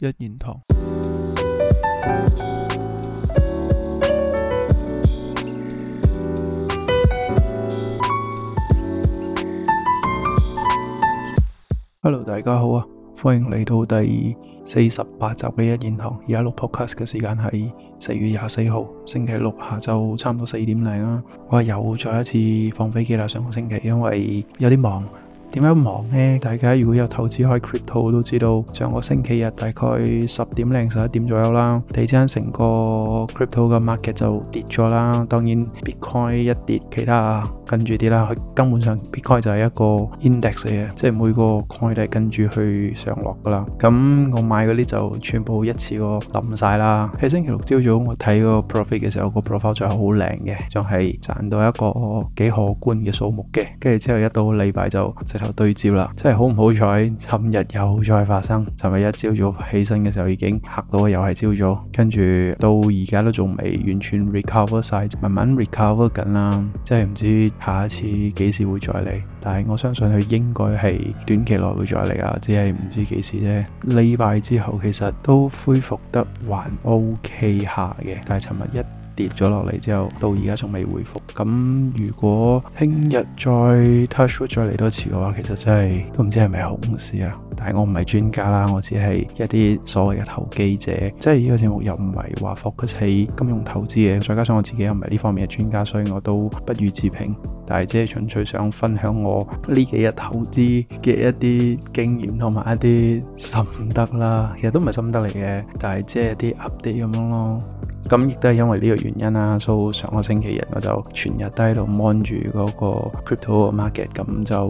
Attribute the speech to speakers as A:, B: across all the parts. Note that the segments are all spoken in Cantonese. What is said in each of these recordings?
A: 一言堂。Hello，大家好啊，歡迎嚟到第四十八集嘅一言堂。而家錄 podcast 嘅時間係四月廿四號星期六下晝，差唔多四點零啊。我又再一次放飛機啦，上個星期因為有點忙。點樣忙呢？大家如果有投資開 c r y p t o 都知道，上個星期日大概十點零十一點左右啦，突然之間成個 c r y p t o 嘅 market 就跌咗啦。當然 bitcoin 一跌，其他跟住跌啦。佢根本上 bitcoin 就係一個 index 嚟嘅，即係每個 coin 咧跟住去上落噶啦。咁我買嗰啲就全部一次過冧晒啦。喺星期六朝早我睇個 profit 嘅時候，個 profit 仲係好靚嘅，仲係賺到一個幾可觀嘅數目嘅。跟住之後一到禮拜就～頭對焦啦，真係好唔好彩！尋日又再發生，尋日一朝早起身嘅時候已經吓到，又係朝早，跟住到而家都仲未完全 recover 晒，慢慢 recover 緊啦。即係唔知下一次幾時會再嚟，但係我相信佢應該係短期內會再嚟啊，只係唔知幾時啫。禮拜之後其實都恢復得還 OK 下嘅，但係尋日一。跌咗落嚟之後，到而家仲未恢復。咁如果聽日再 touch 再嚟多次嘅話，其實真係都唔知係咪好事啊！但係我唔係專家啦，我只係一啲所謂嘅投機者，即係呢個節目又唔係話 focus 喺金融投資嘅。再加上我自己又唔係呢方面嘅專家，所以我都不予置評。但係即係純粹想分享我呢幾日投資嘅一啲經驗同埋一啲心得啦。其實都唔係心得嚟嘅，但係即係啲 update 咁樣咯。咁亦都係因為呢個原因啦，所以上個星期日我就全日都喺度 mon 住嗰個 crypto market，咁就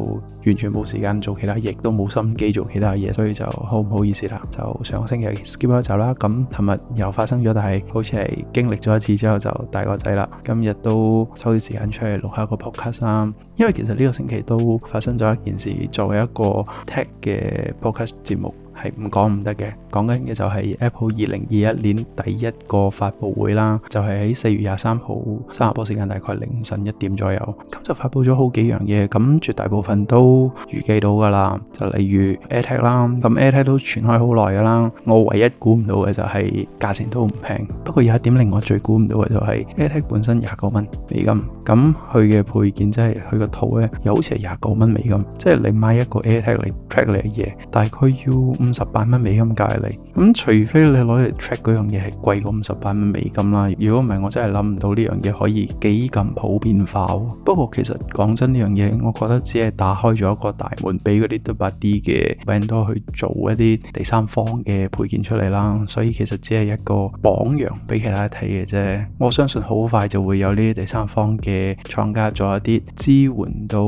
A: 完全冇時間做其他，亦都冇心機做其他嘢，所以就好唔好意思啦。就上個星期 skip 咗走啦，咁琴日又發生咗，但係好似係經歷咗一次之後就大個仔啦。今日都抽啲時間出嚟錄下個 podcast 啦，因為其實呢個星期都發生咗一件事，作為一個 tech 嘅 podcast 節目，係唔講唔得嘅，講緊嘅就係 Apple 二零二一年第一個發布會啦，就係喺四月廿三號新加坡時間，大概凌晨一點左右，咁就發布咗好幾樣嘢，咁絕大部分都預計到㗎啦，就例如 AirTag 啦，咁 AirTag 都傳開好耐㗎啦，我唯一估唔到嘅就係價錢都唔平，不過有一點令我最估唔到嘅就係 AirTag 本身廿九蚊美金，咁佢嘅配件即係佢個套咧，又好似係廿九蚊美金，即係你買一個 AirTag 嚟 check 你嘅嘢，大概要。五十八蚊美金隔離，咁除非你攞嚟 check 嗰樣嘢係貴過五十八蚊美金啦，如果唔係，我真係諗唔到呢樣嘢可以幾咁普遍化。不過其實講真呢樣嘢，我覺得只係打開咗一個大門，俾嗰啲多巴 D 嘅 vendor 去做一啲第三方嘅配件出嚟啦。所以其實只係一個榜樣俾其他睇嘅啫。我相信好快就會有呢啲第三方嘅廠家做一啲支援到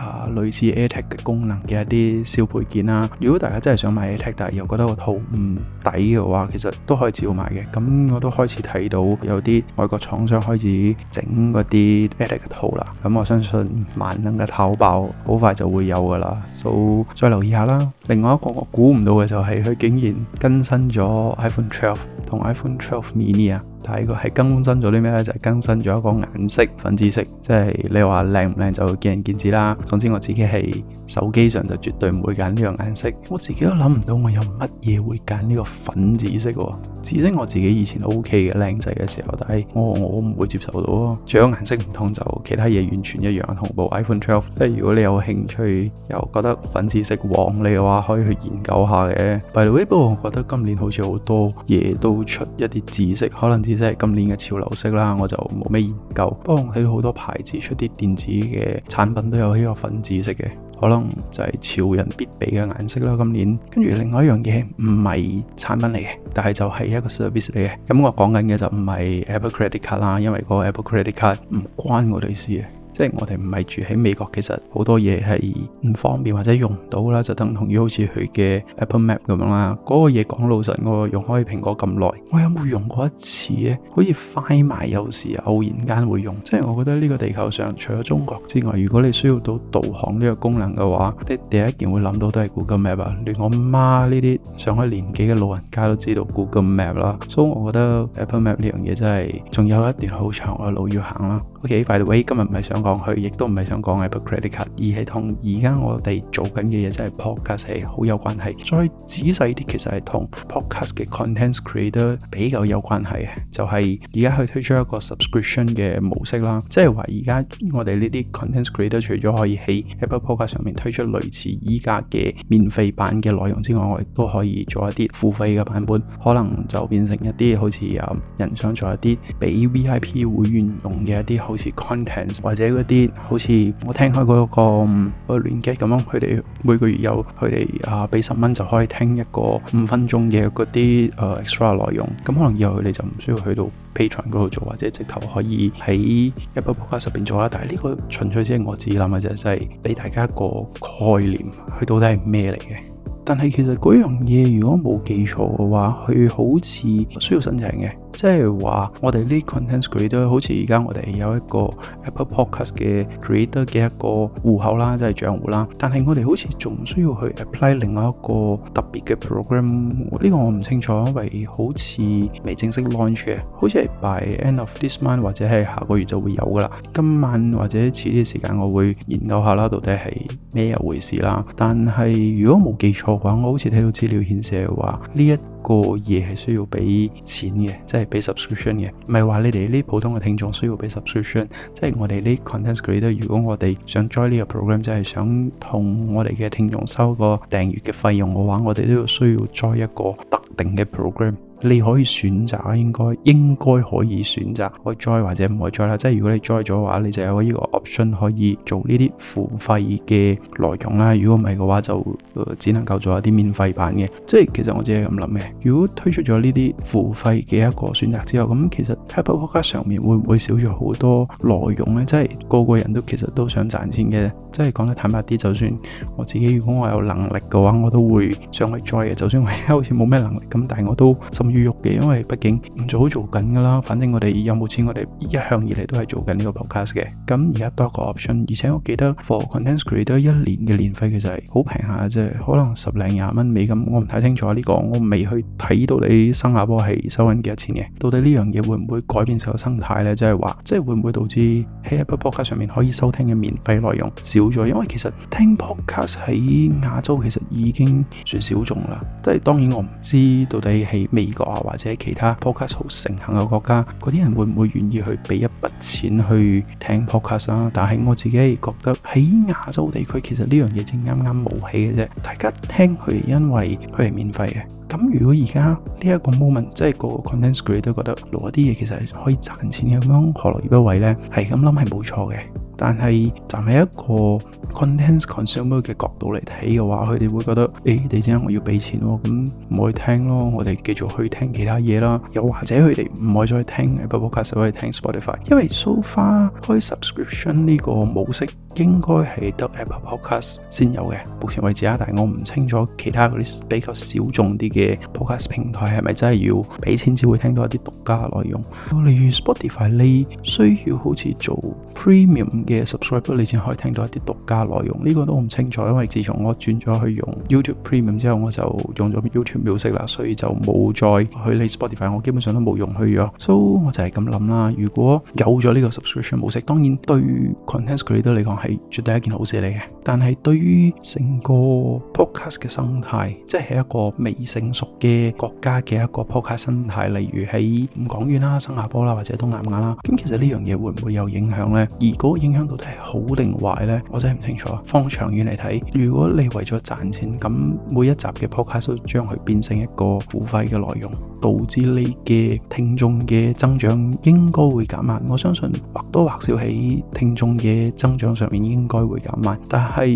A: 啊類似 AirTag 嘅功能嘅一啲小配件啦。如果大家真係想買，又覺得個套唔抵嘅話，其實都可以照買嘅。咁我都開始睇到有啲外國廠商開始整嗰啲 electric 套啦。咁我相信萬能嘅淘寶好快就會有噶啦，就再留意下啦。另外一個我估唔到嘅就係佢竟然更新咗 iPhone 12同 iPhone 12 Mini 啊！但係佢係更新咗啲咩咧？就係、是、更新咗一個顏色粉紫色，即係你話靚唔靚就見仁見智啦。總之我自己係手機上就絕對唔會揀呢個顏色。我自己都諗唔到我有乜嘢會揀呢個粉紫色。紫色我自己以前都 OK 嘅靚仔嘅時候，但係我我唔會接受到咯。除咗顏色唔同就其他嘢完全一樣，同部 iPhone 12。即係如果你有興趣又覺得粉紫色旺你嘅話。可以去研究下嘅。By the way，不過我覺得今年好似好多嘢都出一啲紫色，可能紫色係今年嘅潮流色啦。我就冇咩研究。不過我睇到好多牌子出啲電子嘅產品都有呢個粉紫色嘅，可能就係潮人必備嘅顏色啦。今年，跟住另外一樣嘢唔係產品嚟嘅，但係就係一個 service 嚟嘅。咁我講緊嘅就唔係 Apple Credit Card 啦，因為個 Apple Credit Card 唔關我哋事嘅。我哋唔係住喺美國，其實好多嘢係唔方便或者用唔到啦，就等同於好似佢嘅 Apple Map 咁樣啦。嗰個嘢講老實，我用開蘋果咁耐，我有冇用過一次咧？好似快埋有時偶然間會用，即係我覺得呢個地球上除咗中國之外，如果你需要到導航呢個功能嘅話，啲第一件會諗到都係 Google Map 啊。連我媽呢啲上咗年紀嘅老人家都知道 Google Map 啦，所以我覺得 Apple Map 呢樣嘢真係仲有一段好長嘅路要行啦。OK，by the way，今日唔係想講佢，亦都唔係想講 Apple Credit Card，而係同而家我哋做緊嘅嘢即係 podcast 係好有關係。再仔細啲，其實係同 podcast 嘅 content creator 比較有關係嘅，就係而家佢推出一個 subscription 嘅模式啦。即係話而家我哋呢啲 content creator 除咗可以喺 Apple Podcast 上面推出類似依家嘅免費版嘅內容之外，我亦都可以做一啲付費嘅版本，可能就變成一啲好似有人想做一啲俾 VIP 會員用嘅一啲好似 contents 或者嗰啲，好似我聽開嗰個嗰個連結咁樣，佢哋每個月有佢哋啊俾十蚊就可以聽一個五分鐘嘅嗰啲誒 extra 內容，咁可能以後佢哋就唔需要去到 Patreon 度做，或者直頭可以喺 apple podcast 入邊做啦。但係呢個純粹只係我自己諗嘅啫，即係俾大家一個概念，佢到底係咩嚟嘅。但係其實嗰樣嘢，如果冇記錯嘅話，佢好似需要申請嘅。即係話，我哋呢 content creator 好似而家我哋有一個 Apple Podcast 嘅 creator 嘅一個戶口啦，即係賬戶啦。但係我哋好似仲需要去 apply 另外一個特別嘅 program，呢個我唔清楚，因為好似未正式 launch 嘅，好似係 by end of this month 或者係下個月就會有㗎啦。今晚或者遲啲時間，我會研究下啦，到底係咩一回事啦。但係如果冇記錯嘅話，我好似睇到資料顯示嘅話呢一個嘢係需要俾錢嘅，即係俾 subscription 嘅，唔係話你哋呢普通嘅聽眾需要俾 subscription。即係我哋呢 content creator，如果我哋想 join 呢個 program，即係想同我哋嘅聽眾收個訂閲嘅費用嘅話，我哋都要需要 join 一個特定嘅 program。你可以選擇啊，應該應該可以選擇，可以 join 或者唔可以 join 啦。即係如果你 join 咗嘅話，你就有呢個 option 可以做呢啲付費嘅內容啦。如果唔係嘅話，就只能夠做一啲免費版嘅。即係其實我只係咁諗嘅。如果推出咗呢啲付費嘅一個選擇之後，咁其實 Apple Podcast 上面會唔會少咗好多內容呢？即係個個人都其實都想賺錢嘅。即係講得坦白啲，就算我自己，如果我有能力嘅話，我都會想去 join 嘅。就算我好似冇咩能力咁，但係我都預約嘅，因為畢竟唔做好做緊噶啦。反正我哋有冇錢，我哋一向以嚟都係做緊呢個 podcast 嘅。咁而家多個 option，而且我記得 for Content Creator 一年嘅年費其實係好平下，即係可能十零廿蚊美金。我唔太清楚呢個，我未去睇到你新加坡係收緊幾多錢嘅。到底呢樣嘢會唔會改變成個生態咧，就是？即係話即係會唔會導致喺 Apple podcast 上面可以收聽嘅免費內容少咗？因為其實聽 podcast 喺亞洲其實已經算小眾啦。即係當然我唔知到底係美國。或者其他 podcast 好盛行嘅國家，嗰啲人會唔會願意去俾一筆錢去聽 podcast 啊？但係我自己覺得喺亞洲地區，其實呢樣嘢正啱啱冒起嘅啫。大家聽佢因為佢係免費嘅。咁如果而家呢一個 moment，即係個 content creator 都覺得攞啲嘢其實係可以賺錢嘅，咁樣何樂而不為呢？係咁諗係冇錯嘅。但係，站喺一個 content consumer 嘅角度嚟睇嘅話，佢哋會覺得，誒、欸、，DJ 我要俾錢喎、哦，咁唔可以聽咯，我哋繼續去聽其他嘢啦。又或者佢哋唔可以再聽，喺 Apple Music 去聽 Spotify，因為蘇、so、花開 subscription 呢個模式。應該係得 Apple Podcast 先有嘅，目前為止啊！但係我唔清楚其他嗰啲比較小眾啲嘅 Podcast 平台係咪真係要俾錢至會聽到一啲獨家內容？例如 Spotify 你需要好似做 Premium 嘅 Subscriber 你先可以聽到一啲獨家內容。呢、呢個都唔清楚，因為自從我轉咗去用 YouTube Premium 之後，我就用咗 YouTube Music 啦，所以就冇再去你 Spotify。我基本上都冇用去咗，所、so, 以我就係咁諗啦。如果有咗呢個 subscription 模式，當然對 content Creator 嚟講，係絕對一件好事嚟嘅，但係對於成個 podcast 嘅生態，即係一個未成熟嘅國家嘅一個 podcast 生態，例如喺唔講遠啦，新加坡啦或者東南亞啦，咁其實呢樣嘢會唔會有影響呢？而嗰個影響到底係好定壞呢？我真係唔清楚。放長遠嚟睇，如果你為咗賺錢，咁每一集嘅 podcast 都將佢變成一個付費嘅內容，導致你嘅聽眾嘅增長應該會減慢。我相信或多或少喺聽眾嘅增長上。面應該會減慢，但係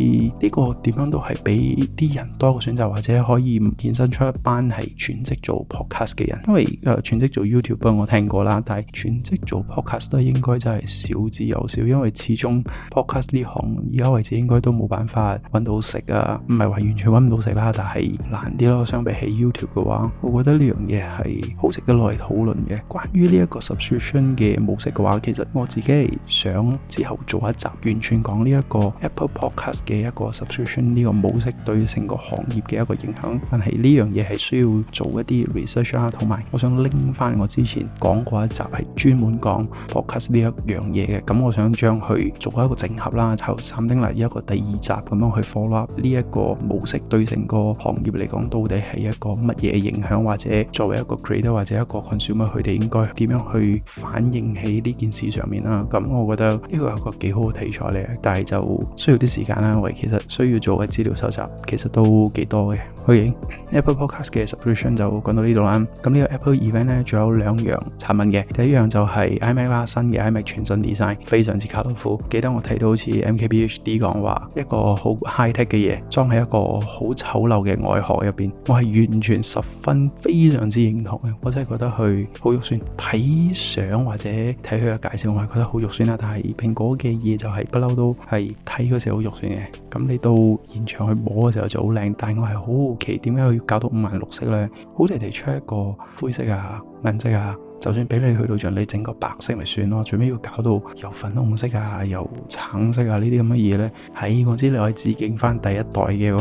A: 呢個點樣都係俾啲人多個選擇，或者可以唔衍生出一班係全職做 podcast 嘅人。因為誒、呃、全職做 YouTube 不過我聽過啦，但係全職做 podcast 都應該就係少之又少，因為始終 podcast 呢行而家為止應該都冇辦法揾到食啊，唔係話完全揾唔到食啦、啊，但係難啲咯。相比起 YouTube 嘅話，我覺得呢樣嘢係好值得嚟討論嘅。關於呢一個 subscription 嘅模式嘅話，其實我自己想之後做一集完全講呢一個 Apple Podcast 嘅一個 subscription 呢個模式對成個行業嘅一個影響，但係呢樣嘢係需要做一啲 research 啦，同埋我想拎翻我之前講過一集係專門講 Podcast 呢一樣嘢嘅，咁我想將佢做一個整合啦，就三丁嚟一個第二集咁樣去 follow up 呢一個模式對成個行業嚟講到底係一個乜嘢影響，或者作為一個 creator 或者一個 consumer，佢哋應該點樣去反映喺呢件事上面啦。咁我覺得呢個係一個幾好嘅題材嚟嘅。但係就需要啲時間啦，喂其實需要做嘅資料收集其實都幾多嘅。o、okay. 影 Apple Podcast 嘅 subscription 就講到呢度啦。咁呢個 Apple Event 咧，仲有兩樣產品嘅。第一樣就係 iMac 啦，新嘅 iMac 全新 design，非常之 colorful。記得我睇到好似 MKBHD 講話一個好 high tech 嘅嘢，裝喺一個好醜陋嘅外殼入邊，我係完全十分非常之認同嘅。我真係覺得佢好肉酸，睇相或者睇佢嘅介紹我係覺得好肉酸啦，但係蘋果嘅嘢就係不嬲都～係睇嗰時好肉酸嘅，咁你到現場去摸嘅時候就好靚，但係我係好好奇點解要搞到五顏六色呢？好多人出一個灰色嘅、啊、銀色嘅、啊。就算俾你去到像你整個白色咪算咯，最尾要搞到又粉紅色啊，又橙色啊呢啲咁嘅嘢咧，喺我知你可以致敬翻第一代嘅嗰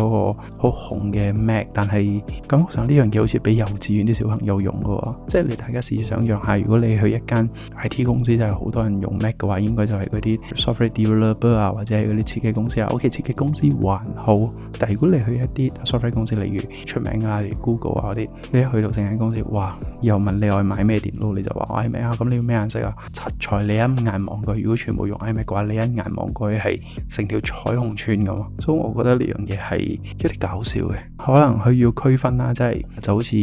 A: 個好紅嘅 Mac，但係感覺上呢樣嘢好似俾幼稚園啲小朋友用嘅喎，即係你大家試想像下，如果你去一間 IT 公司就係、是、好多人用 Mac 嘅話，應該就係嗰啲 software developer 啊或者係嗰啲設計公司啊，OK 設計公司還好，但係如果你去一啲 software 公司，例如出名啊，例如 Google 啊嗰啲，你一去到成間公司，哇，又問你愛買咩電腦？你就話 iMac 啊，咁你要咩顏色啊？七彩，你一眼望佢，如果全部用 iMac 嘅話，你一眼望佢係成條彩虹穿咁。所、so，以我覺得呢樣嘢係一啲搞笑嘅，可能佢要區分啦，即、就、係、是、就好似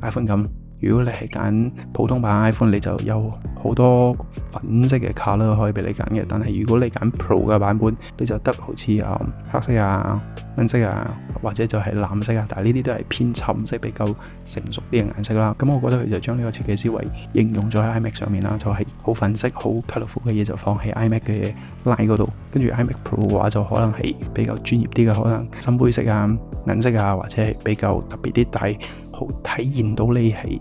A: iPhone 咁。如果你係揀普通版 iPhone，你就有好多粉色嘅卡啦，可以俾你揀嘅。但係如果你揀 Pro 嘅版本，你就得好似啊黑色啊，銀色啊。或者就係藍色啊，但係呢啲都係偏沉色比較成熟啲嘅顏色啦。咁我覺得佢就將呢個設計思維應用咗喺 iMac 上面啦，就係好粉色、好 colourful 嘅嘢就放喺 iMac 嘅 line 嗰度。跟住 iMac Pro 嘅話就可能係比較專業啲嘅，可能深灰色啊、銀色啊，或者係比較特別啲，但係好體現到你係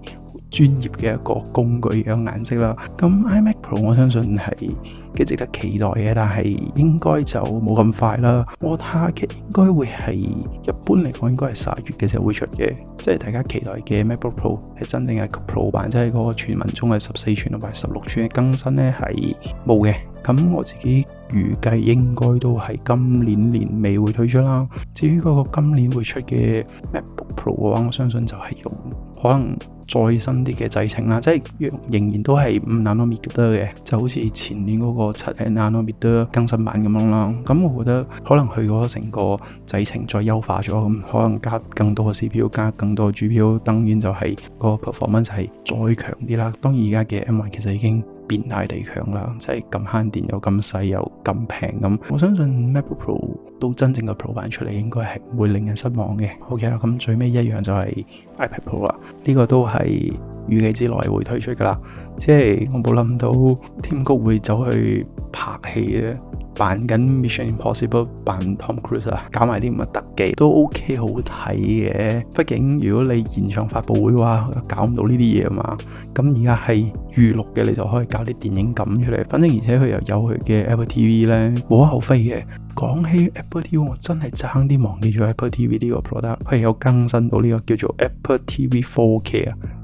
A: 專業嘅一個工具嘅顏色啦。咁 iMac Pro 我相信係幾值得期待嘅，但係應該就冇咁快啦。我睇下嘅應該會係一般嚟講，應該係十一月嘅時候會出嘅。即係大家期待嘅 MacBook Pro 係真正嘅 Pro 版，即係嗰個傳聞中嘅十四寸同埋十六寸嘅更新咧，係冇嘅。咁我自己預計應該都係今年年尾會推出啦。至於嗰個今年會出嘅 MacBook Pro 嘅話，我相信就係用。可能再新啲嘅製程啦，即係仍然都係五 Nanometer 嘅，就好似前年嗰個七 Nanometer 更新版咁樣啦。咁我覺得可能佢嗰成個製程再優化咗，可能加更多嘅 CPU，加更多嘅 GPU，當然就係個 performance 係再強啲啦。當然而家嘅 M1 其實已經。變態地強啦，即係咁慳電又咁細又咁平咁，我相信 MacBook Pro 到真正嘅 Pro 版出嚟，應該係唔會令人失望嘅。OK 啦，咁最尾一樣就係 iPad Pro 啦，呢個都係。預計之內會推出㗎啦，即係我冇諗到 Tim Cook 會走去拍戲嘅，扮緊 Mission Impossible，扮 Tom Cruise 啊，搞埋啲咁嘅特技都 OK，好睇嘅。畢竟如果你現場發布會嘅話，搞唔到呢啲嘢啊嘛。咁而家係預錄嘅，你就可以搞啲電影感出嚟。反正而且佢又有佢嘅 Apple TV 咧，無可厚非嘅。講起 Apple TV，我真係差啲忘記咗 Apple TV 呢個 product 佢有更新到呢、呢個叫做 Apple TV 4K。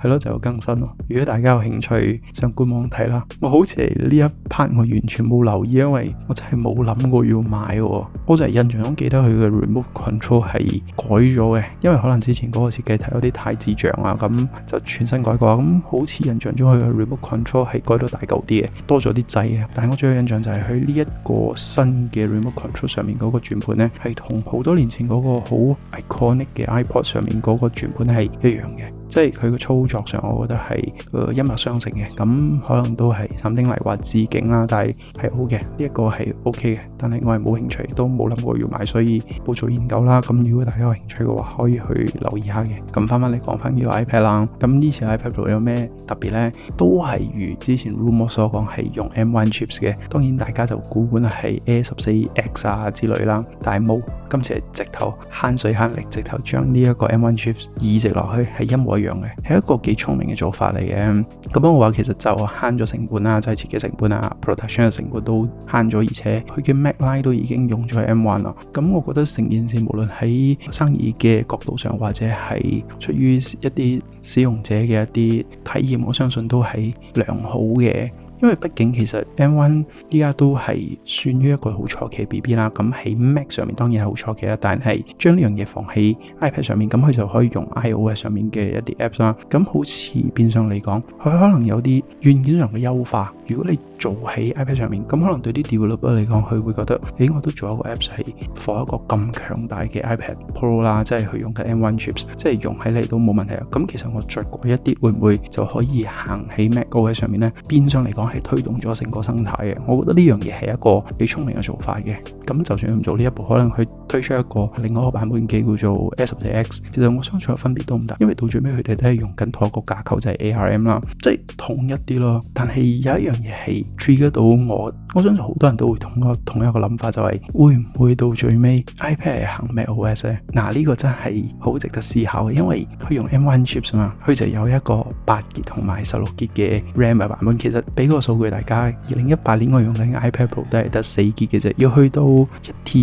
A: 係咯，就更新咯。如果大家有興趣上官網睇啦，我好似呢一 part 我完全冇留意，因為我真係冇諗過要買。我真係印象中記得佢嘅 remote control 係改咗嘅，因為可能之前嗰個設計睇有啲太智障啊，咁就全新改過。咁好似印象中佢嘅 remote control 係改咗大嚿啲嘅，多咗啲掣嘅。但我最有印象就係佢呢一個新嘅 remote control 上面嗰個轉盤呢，係同好多年前嗰個好 iconic 嘅 iPod 上面嗰個轉盤係一樣嘅。即係佢個操作上，我覺得係個、呃、一脈相承嘅，咁可能都係《三丁嚟話致敬啦，但係係好嘅。呢、這、一個係 O K 嘅。但係我係冇興趣，都冇諗過要買，所以冇做研究啦。咁如果大家有興趣嘅話，可以去留意下嘅。咁翻翻嚟講翻呢個 iPad 啦，咁呢次 iPad 有咩特別呢？都係如之前 Rumour 所講，係用 M1 Chips 嘅。當然大家就估梗係 A14X 啊之類啦，但係冇。今次係直頭慳水慳力，直頭將呢一個 M1 Chips 移植落去係一模一樣嘅，係一個幾聰明嘅做法嚟嘅。咁我話其實就慳咗成本啊，就係設計成本啊、production 嘅成，成本都慳咗，而且佢嘅 Mac Line 都已經用咗 M1 啦。咁我覺得成件事無論喺生意嘅角度上，或者係出於一啲使用者嘅一啲體驗，我相信都係良好嘅。因為畢竟其實 M1 依家都係算於一個好初期 BB 啦，咁喺 Mac 上面當然係好初期啦，但係將呢樣嘢放喺 iPad 上面，咁佢就可以用 iOS 上面嘅一啲 Apps 啦。咁好似變相嚟講，佢可能有啲軟件上嘅優化。如果你做喺 iPad 上面，咁可能對啲 developer 嚟講，佢會覺得，誒、欸，我都做一個 apps 係 for 一個咁強大嘅 iPad Pro 啦，即係佢用嘅 M1 chips，即係用起嚟都冇問題啊。咁其實我着過一啲，會唔會就可以行起 Mac 高喺上面呢？變相嚟講係推動咗成個生態嘅，我覺得呢樣嘢係一個幾聰明嘅做法嘅。咁就算唔做呢一步，可能佢。推出一個另外一個版本機叫做 S 或者 X，其實我相信個分別都唔大，因為到最尾佢哋都係用緊同一個架構，就係、是、ARM 啦，即係統一啲咯。但係有一樣嘢係 trigger 到我，我相信好多人都會同個同一個諗法，就係、是、會唔會到最尾 iPad 行咩 OS 呢？嗱、啊，呢、這個真係好值得思考嘅，因為佢用 M1 chips 嘛，佢就有一個八結同埋十六結嘅 RAM 版本。其實俾個數據，大家二零一八年我用緊 iPad Pro 都係得四結嘅啫，要去到一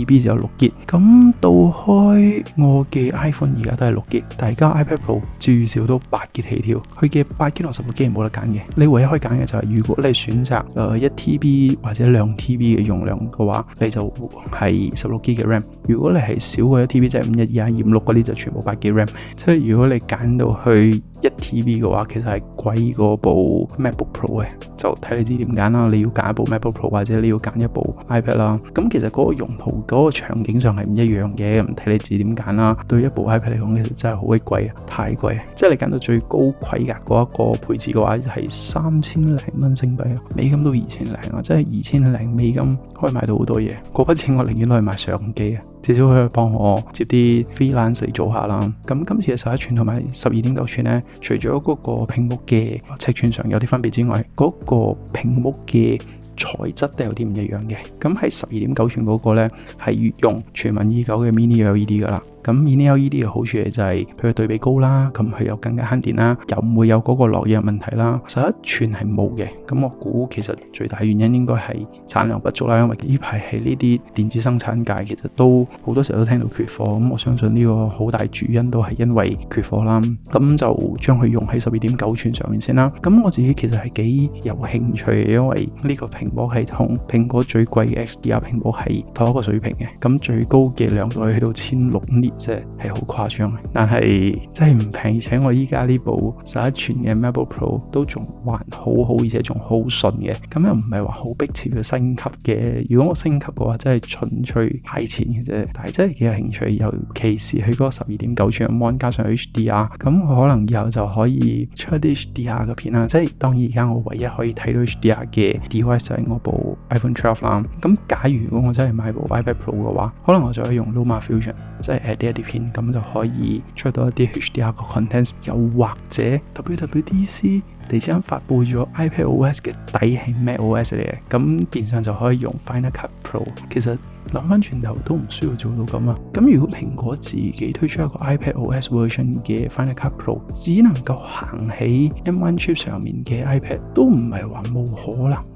A: TB 就有六結。咁到開我嘅 iPhone 而家都係六 G，大家 iPad Pro 至少都八 G 起跳。佢嘅八 G 同十六 G 係冇得揀嘅，你唯一可以揀嘅就係如果你選擇誒一 TB 或者兩 TB 嘅容量嘅話，你就係十六 G 嘅 RAM。如果你係少過一 TB，即係五一二啊、二五六嗰啲，就全部八 G RAM。即係如果你揀到去。一 TB 嘅話，其實係貴過部 MacBook Pro 嘅，就睇你知點揀啦。你要揀一部 MacBook Pro，或者你要揀一部 iPad 啦。咁其實嗰個用途、嗰、嗰個場景上係唔一樣嘅，唔睇你知點揀啦。對一部 iPad 嚟講，其實真係好鬼貴，太貴。即係你揀到最高規格嗰一個配置嘅話，係三千零蚊星幣，美金都二千零啊，即係二千零美金可以買到好多嘢。嗰筆錢我寧願攞去買相機啊。至少可以幫我接啲 freelance 嚟做下啦。咁今次嘅十一寸同埋十二點九寸呢，除咗嗰個屏幕嘅尺寸上有啲分別之外，嗰、那個屏幕嘅材質都有啲唔一樣嘅。咁喺十二點九寸嗰個呢，係用傳聞已久嘅 mini LED 㗎喇。咁 LED 依啲嘅好處就係、是，譬如對比高啦，咁佢又更加慳電啦，又唔會有嗰個落液問題啦。十一寸係冇嘅，咁我估其實最大原因應該係產量不足啦，因為呢排喺呢啲電子生產界其實都好多時候都聽到缺貨，咁我相信呢個好大主因都係因為缺貨啦。咁就將佢用喺十二點九寸上面先啦。咁我自己其實係幾有興趣嘅，因為呢個屏幕係同蘋果最貴嘅 XDR 屏幕係同一個水平嘅，咁最高嘅亮度係去到千六 n 即係好誇張，但係真係唔平。而且我依家呢部十一寸嘅 MacBook Pro 都仲還好好，而且仲好順嘅。咁又唔係話好迫切要升級嘅。如果我升級嘅話，真係純粹派錢嘅啫。但係真係幾有興趣，尤其是佢嗰十二點九寸嘅 Mon 加上 HDR，咁可能以後就可以出啲 HDR 嘅片啦。即係當然而家我唯一可以睇到 HDR 嘅 device 係我部 iPhone 12啦。咁假如果我真係買部 iPad Pro 嘅話，可能我就可以用 Luma Fusion，即係一啲片咁就可以出到一啲 HDR 嘅 content，又或者 WWDC 即將發布咗 iPadOS 嘅底係 MacOS 嚟嘅，咁變相就可以用 Final Cut Pro。其實諗翻轉頭都唔需要做到咁啊。咁如果蘋果自己推出一個 iPadOS version 嘅 Final Cut Pro，只能夠行喺 M1 chip 上面嘅 iPad，都唔係話冇可能。嘅咁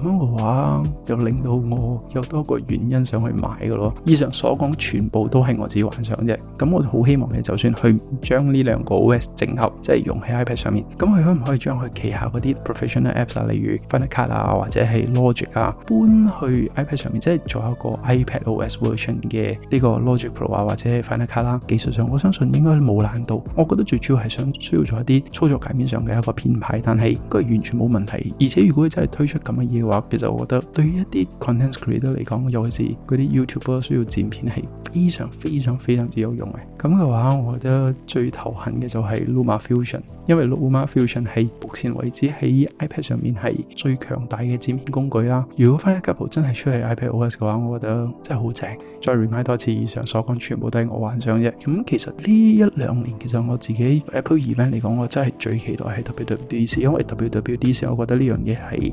A: 樣嘅話又令到我有多個原因想去買嘅咯。以上所講全部都係我自己幻想啫。咁我好希望你就算去將呢兩個 OS 整合，即係用喺 iPad 上面，咁佢可唔可以將佢旗下嗰啲 professional apps 啊，例如 Final Cut 啊或者係 Logic 啊，搬去 iPad 上面，即係做一個 iPad OS version 嘅呢個 Logic Pro 啊或者 Final Cut 啦、啊。技術上我相信應該冇難度。我覺得最主要係想需要做一啲操作界面上嘅一個編排，但係佢係完全冇問題。而且如果佢真係推出。咁嘅嘢話，其實我覺得對於一啲 content creator 嚟講，尤其是嗰啲 YouTuber 需要剪片係非常非常非常之有用嘅。咁嘅話，我覺得最頭痕嘅就係 Luma Fusion，因為 Luma Fusion 係目前為止喺 iPad 上面係最強大嘅剪片工具啦。如果 Final Cut Pro 真係出喺 iPadOS 嘅話，我覺得真係好正。再 remind 多次，以上所講全部都係我幻想啫。咁、嗯、其實呢一兩年其實我自己 Apple Event 嚟講，我真係最期待係 WWDC，因為 WWDC 我覺得呢樣嘢係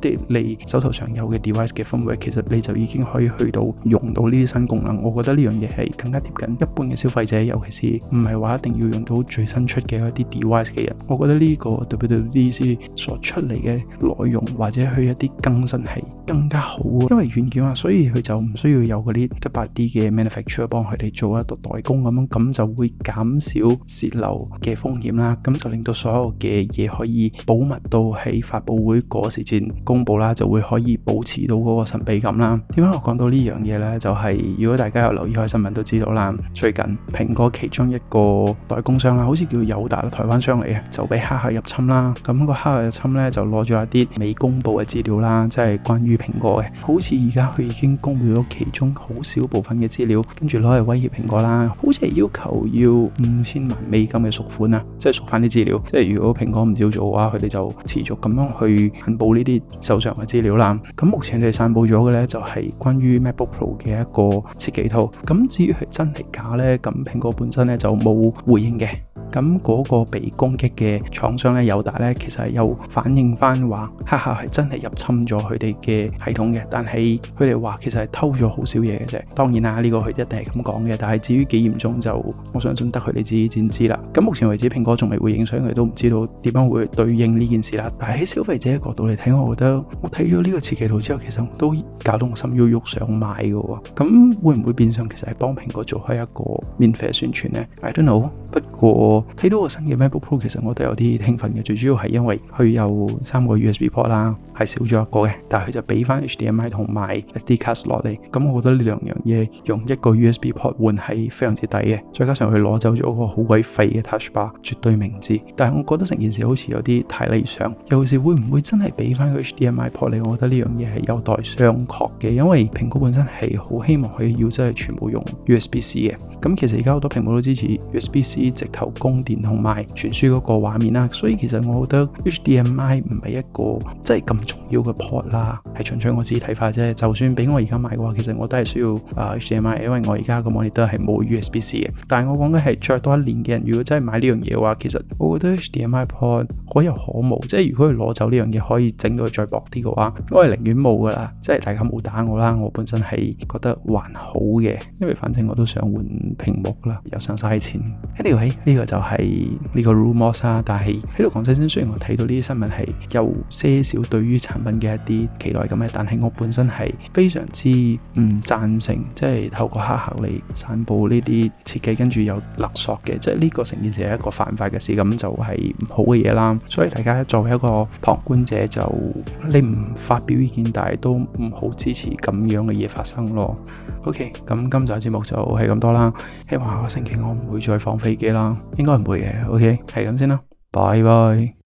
A: 啲你手頭上有嘅 device 嘅 firmware，其實你就已經可以去到用到呢啲新功能。我覺得呢樣嘢係更加貼近一般嘅消費者，尤其是唔係話一定要用到最新出嘅一啲 device 嘅人。我覺得呢個 WWDC 所出嚟嘅內容或者去一啲更新係更加好，因為軟件啊，所以佢就唔需要有嗰啲七八 D 嘅 manufacturer 幫佢哋做一度代工咁樣，咁就會減少洩漏嘅風險啦。咁就令到所有嘅嘢可以保密到喺發布會嗰時先，公布啦，就會可以保持到嗰個神秘感啦。點解我講到呢樣嘢呢？就係、是、如果大家有留意開新聞都知道啦，最近蘋果其中一個代工商啦，好似叫友達啦，台灣商嚟啊，就俾黑客入侵啦。咁個黑客入侵呢，就攞咗一啲未公布嘅資料啦，即係關於蘋果嘅。好似而家佢已經公布咗其中好少部分嘅資料，跟住攞嚟威脅蘋果啦。好似係要求要五千萬美金嘅贖款啊，即係贖返啲資料。即係如果蘋果唔照做嘅話，佢哋就持續咁樣去引爆呢啲。手上嘅資料啦，咁目前你哋散佈咗嘅咧，就係關於 MacBook Pro 嘅一個設計圖。咁至於係真係假呢？咁蘋果本身咧就冇回應嘅。咁嗰個被攻擊嘅廠商咧，友達咧，其實係有反應翻話，哈哈，係真係入侵咗佢哋嘅系統嘅。但係佢哋話其實係偷咗好少嘢嘅啫。當然啦，呢個佢一定係咁講嘅。但係至於幾嚴重就，我相信得佢哋自己先知啦。咁目前為止，蘋果仲未會影相，佢哋都唔知道點樣會對應呢件事啦。但係喺消費者角度嚟睇，我覺得我睇咗呢個設計圖之後，其實都搞到我心喐喐想買嘅。咁會唔會變相其實係幫蘋果做開一個免費宣傳咧？I don't know。不過睇到個新嘅 MacBook Pro，其實我都有啲興奮嘅。最主要係因為佢有三個 USB port 啦，係少咗一個嘅，但係佢就俾翻 HDMI 同埋 SD 卡落嚟。咁我覺得呢兩樣嘢用一個 USB port 換係非常之抵嘅。再加上佢攞走咗個好鬼廢嘅 touch bar，絕對明智。但係我覺得成件事好似有啲太理想，尤其是會唔會真係俾翻個 HDMI port 嚟？我覺得呢樣嘢係有待商榷嘅，因為蘋果本身係好希望佢要真係全部用 USB C 嘅。咁其實而家好多屏幕都支持 USB-C 直頭供電同埋傳輸嗰個畫面啦，所以其實我覺得 HDMI 唔係一個真係咁重要嘅 port 啦，係純粹我自己睇法啫。就算俾我而家買嘅話，其實我都係需要啊 HDMI，因為我而家個 mon 亦都係冇 USB-C 嘅。但係我講緊係再多一年嘅人，如果真係買呢樣嘢嘅話，其實我覺得 HDMI port 可有可無。即係如果佢攞走呢樣嘢，可以整到佢再薄啲嘅話，我係寧願冇噶啦。即係大家冇打我啦，我本身係覺得還好嘅，因為反正我都想換。屏幕啦，又想嘥錢。Anyway，呢個就係呢個 rumor。但係喺度講真，雖然我睇到呢啲新聞係有些少對於產品嘅一啲期待咁嘅，但係我本身係非常之唔贊成，即係透過黑客嚟散布呢啲設計跟住又勒索嘅，即係呢個成件事係一個犯法嘅事，咁就係唔好嘅嘢啦。所以大家作為一個旁觀者，就你唔發表意見，但係都唔好支持咁樣嘅嘢發生咯。OK，咁今集嘅節目就係咁多啦。希望下個星期我唔會再放飛機啦，應該唔會嘅，OK，係咁先啦，拜拜。